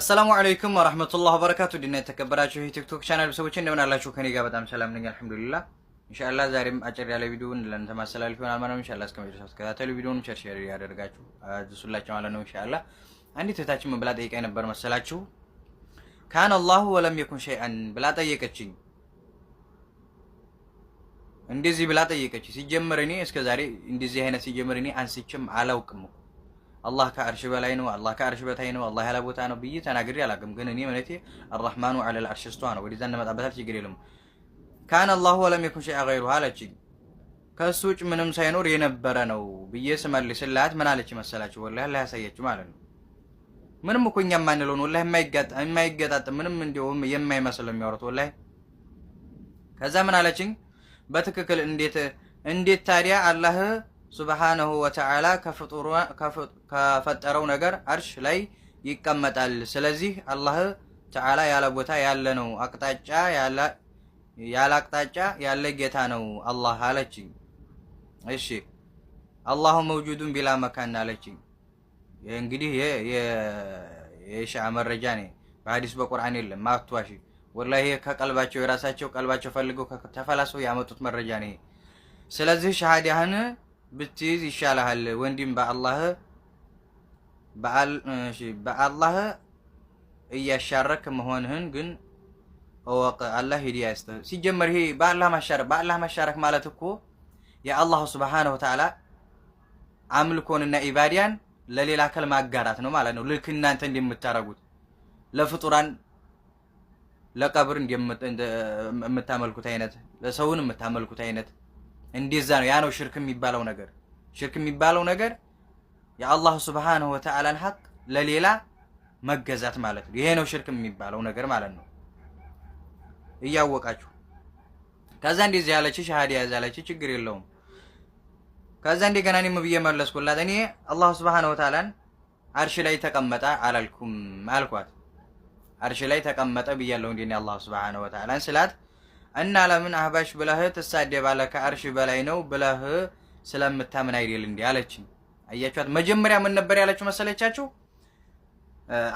አሰላሙ አለይኩም ወራህመቱላህ ወበረካቱ ዲና የተከበራችሁ የቲክቶክ ቻናል ሰዎች እንደምን አላችሁ? ከኔ ጋር በጣም ሰላም ነኝ አልሐምዱሊላህ። ኢንሻአላህ ዛሬም አጭር ያለ ቪዲዮን ለእናንተ ማስተላለፍ ይሆናል ማለት ነው። ኢንሻአላህ እስከ መጨረሻው ተከታተሉ። ቪዲዮውን ሼር ሼር ያደርጋችሁ አድርሱላችሁ ማለት ነው። ኢንሻአላህ አንዲት እህታችን ምን ብላ ጠይቃኝ ነበር መሰላችሁ? ካን አላሁ ወለም የኩን ሸይአን ብላ ጠየቀችኝ። እንደዚህ ብላ ጠየቀች። ሲጀምር እኔ እስከ ዛሬ እንደዚህ አይነት ሲጀምር እኔ አንስቼም አላውቅም። አላህ ከአርሽ በላይ ነው፣ አላህ ከአርሽ በታይ ነው፣ አላህ ያለ ቦታ ነው ብዬ ተናግሬ አላውቅም። ግን እኔ ማለቴ አራህማኑ ዐለል አርሽ ስቷ ነው። ወደዛ እንመጣበታል፣ ችግር የለም። ካነ አላሁ ወለም የኩን ሸይአ ገይሩ አለችኝ። ከእሱ ውጭ ምንም ሳይኖር የነበረ ነው ብዬ ስመልስላት ምን አለች መሰላችሁ? ወላሂ ላያሳያችሁ ማለት ነው። ምንም እኮ እኛ የማንለውን ወላሂ የማይገጣጥም ምንም እንዲሁም የማይመስል የሚያወሩት ወላሂ። ከዛ ምን አለችኝ? በትክክል እንዴት እንዴት ታዲያ አላህ ሱብሓነሁ ወተዓላ ከፈጠረው ነገር አርሽ ላይ ይቀመጣል። ስለዚህ አላህ ተዓላ ያለ ቦታ ያለ ነው፣ አቅጣጫ ያለ አቅጣጫ ያለ ጌታ ነው አላህ አለችኝ። እሺ አላሁ መውጁዱን ቢላ መካን አለችኝ። እንግዲህ የሺዓ መረጃ ነ በሀዲስ በቁርአን የለም ማቷሽ ወላሂ ከቀልባቸው የራሳቸው ቀልባቸው ፈልገው ተፈላሰው ያመጡት መረጃ ነ ስለዚህ ሻሃዲያህን ብትይዝ ይሻልሃል ወንድም በአላህ በአላህ እያሻረክ መሆንህን ግን እወቅ። አላህ ሂዳያ ይስጥህ። ሲጀመር ይሄ በአላህ ማሻረክ በአላህ ማሻረክ ማለት እኮ የአላሁ ሱብሓነሁ ወተዓላ አምልኮንና ኢባዲያን ለሌላ አካል ማጋራት ነው ማለት ነው። ልክ እናንተ እንደምታረጉት ለፍጡራን ለቀብር እንደምታመልኩት አይነት ለሰውን የምታመልኩት አይነት እንደዛ ነው። ያ ነው ሽርክ የሚባለው ነገር። ሽርክ የሚባለው ነገር የአላህ ስብሓንሁ ወተዓላን ሀቅ ለሌላ መገዛት ማለት ነው። ይሄ ነው ሽርክ የሚባለው ነገር ማለት ነው። እያወቃችሁ ከዛ እንደዚህ ያለች ሻሃድ ያዝ ያለች ችግር የለውም። ከዛ እንደገና እኔም ብዬ መለስኩላት። እኔ አላህ ስብሓንሁ ወተዓላን አርሽ ላይ ተቀመጠ አላልኩም አልኳት። አርሽ ላይ ተቀመጠ ብያለሁ። እንዴ? አላህ ስብሓንሁ ወተዓላን ስላት እና ለምን አህባሽ ብለህ ትሳደባለህ? ከአርሽ በላይ ነው ብለህ ስለምታምን አይደል እንዴ አለችኝ። አያችኋት? መጀመሪያ ምን ነበር ያለችው መሰለቻችሁ?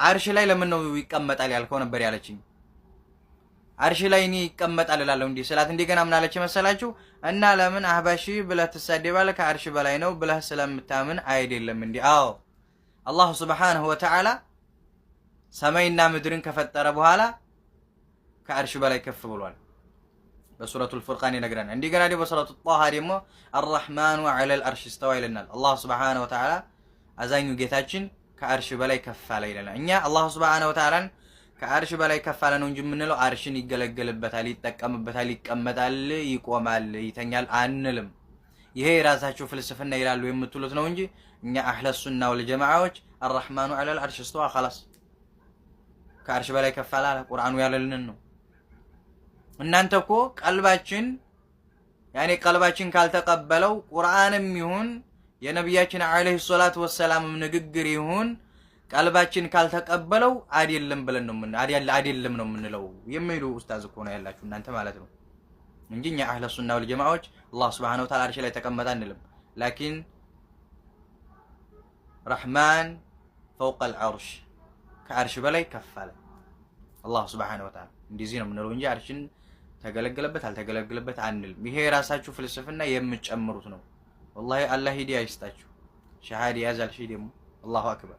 አርሽ ላይ ለምን ነው ይቀመጣል ያልከው ነበር ያለችኝ። አርሽ ላይ እኔ ይቀመጣል እላለሁ እንዴ ስላት እንደገና ምን አለች መሰላችሁ? እና ለምን አህባሽ ብለህ ትሳደባለህ? ከአርሽ በላይ ነው ብለህ ስለምታምን አይደለም እንዴ? አዎ አላሁ ስብሓንሁ ወተዓላ ሰማይና ምድርን ከፈጠረ በኋላ ከአርሽ በላይ ከፍ ብሏል። በሱረቱል ፉርቃን ይነግረናል። እንደገና ደግሞ በሱረቱ ጣሃ ደግሞ አርራህማኑ ዐለል አርሽ ስተዋ ይለናል። አላህ ሱብሓነሁ ወተዓላ አዛኙ ጌታችን ከአርሽ በላይ ከፍ አለ ይለናል። እኛ አላህ ሱብሓነሁ ወተዓላን ከአርሽ በላይ ከፍ አለ ነው እንጂ የምንለው አርሽን ይገለገልበታል፣ ይጠቀምበታል፣ ይቀመጣል፣ ይቆማል፣ ይተኛል አንልም። ይሄ የራሳቸው ፍልስፍና ይላሉ የምትሉት ነው እንጂ እኛ አህለስ ሱና ወል ጀማዓዎች አርራህማኑ ዐለል አርሽ ስተዋ ኸላስ ከአርሽ በላይ ከፍ አለ ቁርአኑ ያለልን ነው እናንተ እኮ ቀልባችን ያኔ ቀልባችን ካልተቀበለው ቁርአንም ይሁን የነቢያችን ዓለይሂ ሰላቱ ወሰላምም ንግግር ይሁን ቀልባችን ካልተቀበለው አይደለም ብለን ነው ምን አይደለም ነው የምንለው የሚሉ ኡስታዝ እኮ ነው ያላችሁ እናንተ ማለት ነው እንጂ እኛ አህለ ሱና ወል ጀማዓዎች አላህ Subhanahu Wa Ta'ala አርሽ ላይ ተቀመጠ አንልም። ላኪን ረህማን فوق العرش ከአርሽ በላይ ከፍ አለ አላህ Subhanahu Wa Ta'ala እንደዚህ ነው የምንለው እንጂ አርሽን ተገለገለበት አልተገለገለበት አንልም። ይሄ የራሳችሁ ፍልስፍና የምትጨምሩት ነው። ወላሂ አላህ ሂዳያ ይስጣችሁ። ሸሃድ ያዛል ሺ ደግሞ አላሁ አክበር